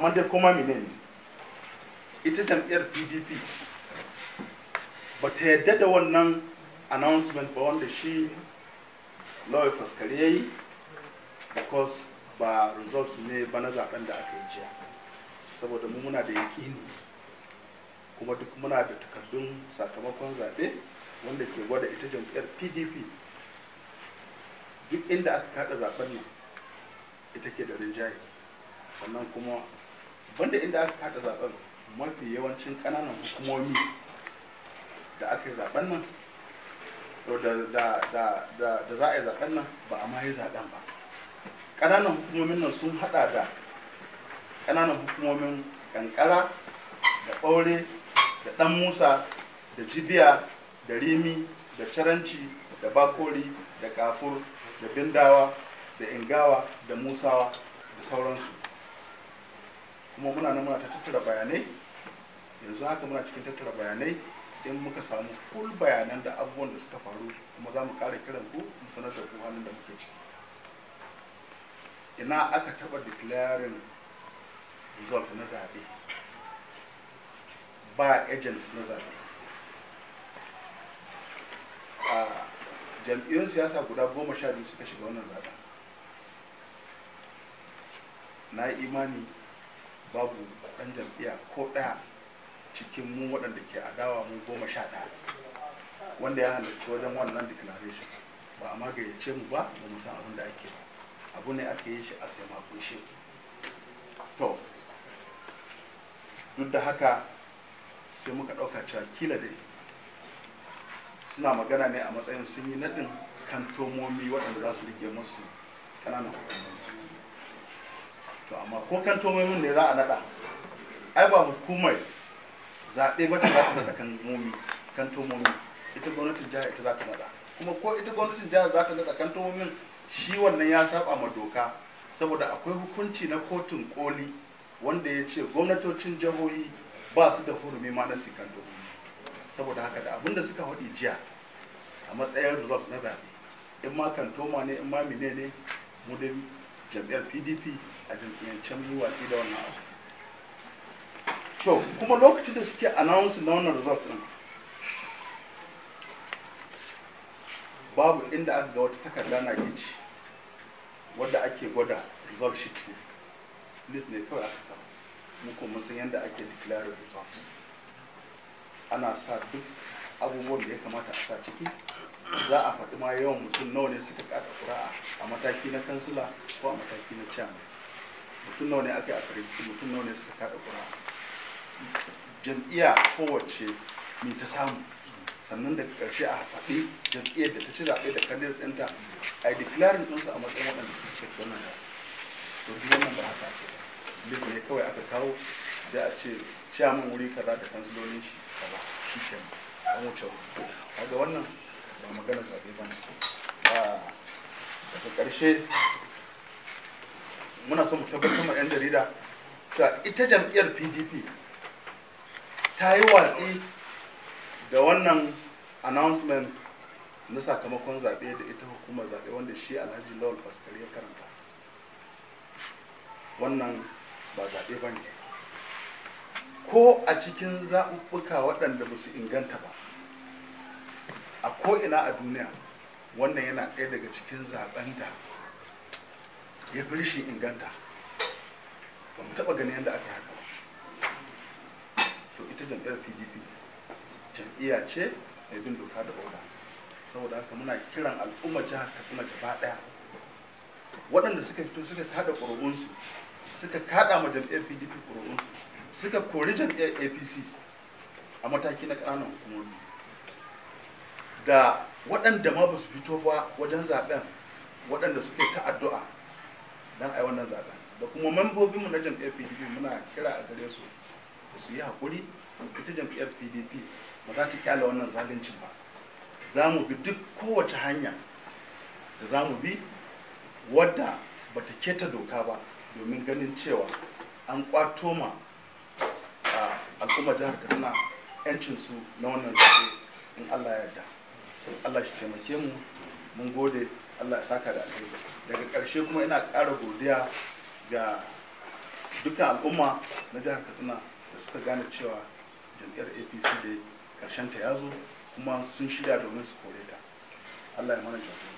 amma dai koma ne ita jam'iyyar pdp ba ta yadda da wannan announcement ba wanda shi lawyer faskari ya yi because ba results ne ba na zaben da aka yi jiya saboda mu muna da yakini kuma duk muna da takardun sakamakon zabe wanda ke gwada ita jam'iyyar pdp duk inda aka kaɗa zaben nan ita ke da rinjaye sannan kuma banda inda aka kada zaben mafi yawancin kananan hukumomi da aka yi zaben nan da za a yi zaben nan ba a ma yi zaben ba kananan hukumomin nan sun hada da kananan hukumomin kankara da ɓaure da ɗan musa da jibiya da rimi da caranci da bakori da kafur da bindawa da ingawa da musawa da sauransu kuma muna nan muna ta tattara bayanai yanzu haka muna cikin tattara bayanai in muka samu full bayanan da abubuwan da suka faru kuma za mu kare kiran ku mu sanar da ku halin da muke ciki ina aka taba declaring result na zaɓe ba agents na zaɓe a jam'iyyun siyasa guda goma sha biyu suka shiga wannan zaɓen na imani babu ɗan jam'iyya ko ɗaya cikin mu waɗanda ke adawa mu goma sha ɗaya wanda ya halarci wajen wannan declaration ba a magayyace mu ba ba mu san abin da ake ba abu ne aka yi shi a sai shi. to duk da haka sai muka ɗauka cewa kila dai suna magana ne a matsayin sun yi naɗin kantomomi waɗanda za su rike musu ƙananan hukumomi to amma ko kan mun ne za a nada ai ba hukumar zaɓe ba ta za ta nada kan momi kan tomomi ita gwamnatin jihar ita za ta nada kuma ko ita gwamnatin jihar za ta nada kan tomomin shi wannan ya saba ma doka saboda akwai hukunci na kotun koli wanda ya ce gwamnatocin jihohi ba su da hurumi ma na sikan saboda haka da abinda suka haɗi jiya a matsayin results na zaɓe in ma kantoma ne in ma mine ne mu dai jam'iyyar pdp a jam'iyyance mun watsi da wannan abu to kuma lokacin da suke announcing na wannan result din babu inda aka ga wata takarda na gici wadda ake gwada result sheet ne list ne kawai aka kawo mu kuma san yadda ake declare results ana sa duk abubuwan da ya kamata a sa ciki za a faɗi ma yawan mutum nawa ne suka kada ƙura'a a mataki na kansila ko a mataki na chairman mutum nawa ne aka yi a karinci mutum nawa ne suka kada ƙura'a jam'iyya kowace mai ta samu sannan daga ƙarshe a faɗi jam'iyyar da ta ci zaɓe da kandiyar ɗinta a yi declaring ɗinsu a matsayin waɗanda suka ci wannan to duk wannan ba haka ake bisa ne kawai aka kawo sai a ce chairman wuri kaza da kansilolin shi kaza shi kenan an wuce daga wannan ba magana ah, zaɓe ba ne daga ƙarshe muna son mu tabbatar ma 'yan jarida cewa ita jam'iyyar pdp ta yi watsi da wannan announcement na sakamakon zaɓe da ita hukumar zaɓe wanda shi alhaji lawal faskari ya karanta wannan ba zaɓe ba ne ko a cikin zaɓuɓɓuka waɗanda ba su inganta ba a ko'ina a duniya wannan yana ɗaya daga cikin zaɓen da ya fi rishin inganta ba mu taɓa ganin yadda aka haka ba to ita jam'iyyar pdp jam'iyya ce mai bin doka da oda saboda haka muna kiran al'ummar jihar katsina gaba ɗaya waɗanda suka fito suka kaɗa ƙuri'unsu suka kaɗa ma jam'iyyar pdp ƙuri'unsu suka kori jam'iyyar apc a mataki na ƙananan hukumomi da waɗanda ma ba su fito ba wajen zaɓen waɗanda suke ta addu'a don a yi wannan zaɓen da kuma membobinmu na jam'iyyar pdp muna kira a gare su da su yi haƙuri ita jam'iyyar pdp ba za ta kyala wannan zaluncin ba za mu bi duk kowace hanya da za mu bi wadda ba ta keta doka ba domin ganin cewa an kwato ma Kuma jihar katsina yancinsu na wannan zaɓe in allah ya yarda allah shi taimake mu mun gode allah ya saka da alheri daga ƙarshe kuma ina ƙara godiya ga duka al'umma na jihar katsina da suka gane cewa jam'iyyar apc da ta ya zo kuma sun shirya domin su kore ta allah ya mana jami'a